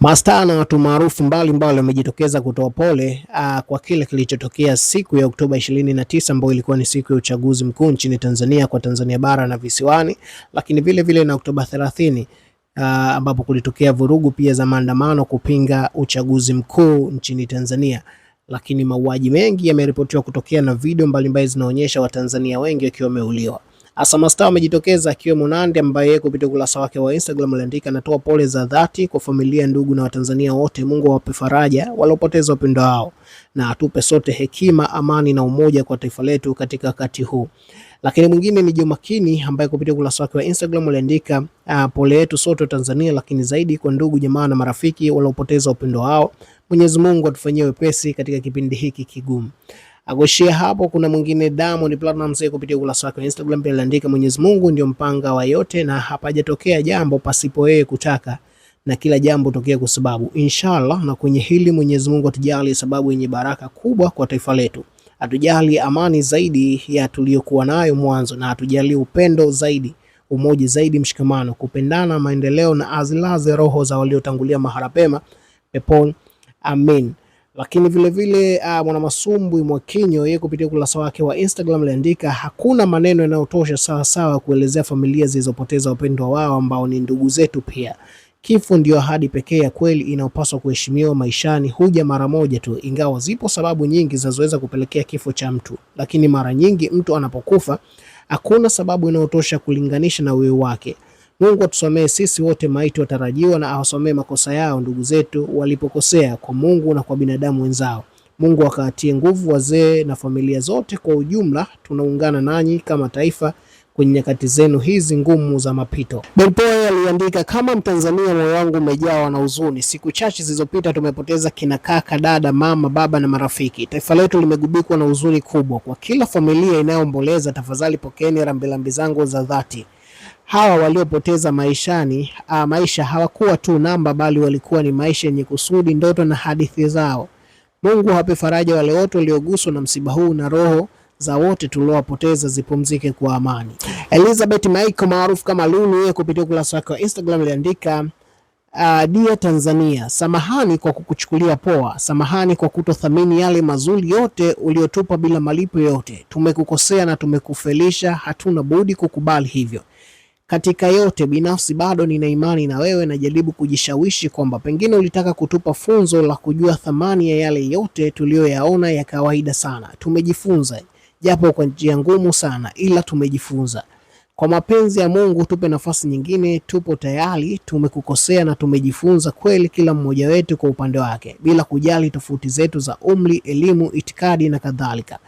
Mastaa na watu maarufu mbalimbali wamejitokeza kutoa pole uh, kwa kile kilichotokea siku ya Oktoba 29 ambayo ilikuwa ni siku ya uchaguzi mkuu nchini Tanzania kwa Tanzania bara na visiwani, lakini vile vile na Oktoba 30 uh, ah, ambapo kulitokea vurugu pia za maandamano kupinga uchaguzi mkuu nchini Tanzania. Lakini mauaji mengi yameripotiwa kutokea na video mbalimbali zinaonyesha Watanzania wengi wakiwa wameuliwa. Asa mastaa wamejitokeza akiwemo Nandy ambaye kupitia ukurasa wake wa Instagram aliandika, natoa pole za dhati kwa familia, ndugu na Watanzania wote. Mungu awape faraja waliopoteza wapendwa wao na atupe sote hekima, amani na umoja kwa taifa letu katika wakati huu. Lakini mwingine ni Jomakini ambaye kupitia ukurasa wake wa Instagram aliandika, uh, pole yetu sote Tanzania, lakini zaidi kwa ndugu jamaa na marafiki waliopoteza upendo wao. Mwenyezi Mungu atufanyie wepesi katika kipindi hiki kigumu. Agoshia hapo kuna mwingine Diamond Platnumz kupitia ukurasa wake wa Instagram pia aliandika, Mwenyezi Mungu ndio mpanga wa yote na hapajatokea jambo pasipo yeye kutaka na kila jambo tokea kwa sababu inshallah. Na kwenye hili Mwenyezi Mungu atujali sababu yenye baraka kubwa kwa taifa letu, atujali amani zaidi ya tuliyokuwa nayo mwanzo, na atujali upendo zaidi, umoja zaidi, mshikamano, kupendana, maendeleo na azilaze roho za waliotangulia mahala pema peponi, amin. Lakini vilevile uh, ah, mwanamasumbwi Mwakinyo yeye kupitia ukurasa wake wa Instagram aliandika hakuna maneno yanayotosha sawasawa kuelezea familia zilizopoteza wapendwa wao ambao ni ndugu zetu pia. Kifo ndio ahadi pekee ya kweli inayopaswa kuheshimiwa maishani, huja mara moja tu, ingawa zipo sababu nyingi zinazoweza kupelekea kifo cha mtu, lakini mara nyingi mtu anapokufa hakuna sababu inayotosha kulinganisha na uwezo wake. Mungu atusamee sisi wote maiti watarajiwa, na awasamee makosa yao ndugu zetu walipokosea kwa Mungu na kwa binadamu wenzao. Mungu akaatie nguvu wazee na familia zote kwa ujumla. Tunaungana nanyi kama taifa kwenye nyakati zenu hizi ngumu za mapito. Benpoe aliandika, kama Mtanzania moyo wangu umejawa na huzuni. Siku chache zilizopita tumepoteza kina kaka, dada, mama, baba na marafiki. Taifa letu limegubikwa na huzuni kubwa. Kwa kila familia inayoomboleza, tafadhali pokeeni rambirambi zangu za dhati hawa waliopoteza maishani uh, maisha hawakuwa tu namba, bali walikuwa ni maisha yenye kusudi, ndoto na hadithi zao. Mungu hawape faraja wale wote walioguswa na msiba huu, na roho za wote tuliowapoteza zipumzike kwa amani. Elizabeth maiko maarufu kama Lulu, yeye kupitia ukurasa wake wa Instagram aliandika Uh, ah, dia Tanzania, samahani kwa kukuchukulia poa, samahani kwa kutothamini yale mazuri yote uliotupa bila malipo yote. Tumekukosea na tumekufelisha, hatuna budi kukubali hivyo katika yote, binafsi bado nina imani na wewe. Najaribu kujishawishi kwamba pengine ulitaka kutupa funzo la kujua thamani ya yale yote tuliyoyaona ya kawaida sana. Tumejifunza japo kwa njia ngumu sana, ila tumejifunza. Kwa mapenzi ya Mungu tupe nafasi nyingine. Tupo tayari, tumekukosea na tumejifunza kweli, kila mmoja wetu kwa upande wake, bila kujali tofauti zetu za umri, elimu, itikadi na kadhalika.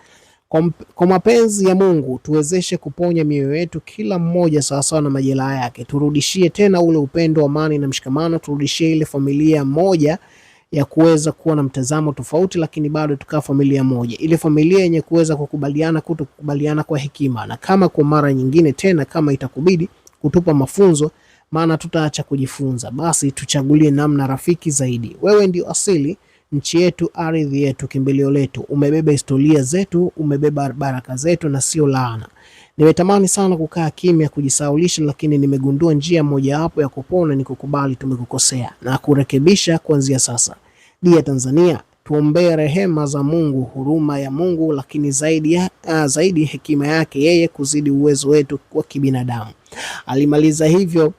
Kwa mapenzi ya Mungu tuwezeshe kuponya mioyo yetu kila mmoja sawasawa na majeraha yake, turudishie tena ule upendo, amani na mshikamano, turudishie ile familia moja ya kuweza kuwa na mtazamo tofauti, lakini bado tukaa familia moja, ile familia yenye kuweza kukubaliana, kukubaliana kwa hekima, na kama kwa mara nyingine tena kama itakubidi kutupa mafunzo, maana tutaacha kujifunza, basi tuchagulie namna rafiki zaidi. Wewe ndio asili nchi yetu, ardhi yetu, kimbilio letu. Umebeba historia zetu, umebeba baraka zetu na sio laana. Nimetamani sana kukaa kimya, kujisaulisha, lakini nimegundua njia mojawapo ya kupona ni kukubali tumekukosea na kurekebisha kuanzia sasa. Dia Tanzania, tuombee rehema za Mungu, huruma ya Mungu, lakini zaidi, ya, uh, zaidi hekima yake yeye kuzidi uwezo wetu wa kibinadamu. Alimaliza hivyo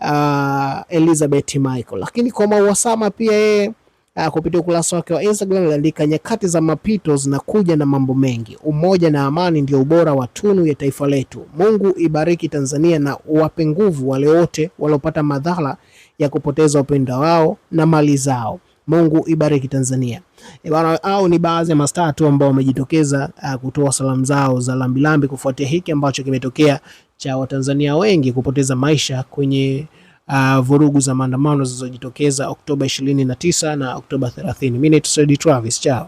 uh, Elizabeth Michael, lakini kwa Mauasama pia yeye uh, kupitia ukurasa wake wa Instagram aliandika, nyakati za mapito zinakuja na mambo mengi, umoja na amani ndio ubora wa tunu ya taifa letu. Mungu ibariki Tanzania na uwape nguvu wale wote waliopata madhara ya kupoteza upendo wao na mali zao. Mungu ibariki Tanzania. E eh, bana, au ni baadhi ya mastaa tu ambao wamejitokeza uh, kutoa salamu zao za lambilambi kufuatia hiki ambacho kimetokea cha Watanzania wengi kupoteza maisha kwenye uh, vurugu za maandamano zilizojitokeza Oktoba 29 na Oktoba 30. Mimi ni Travis chao.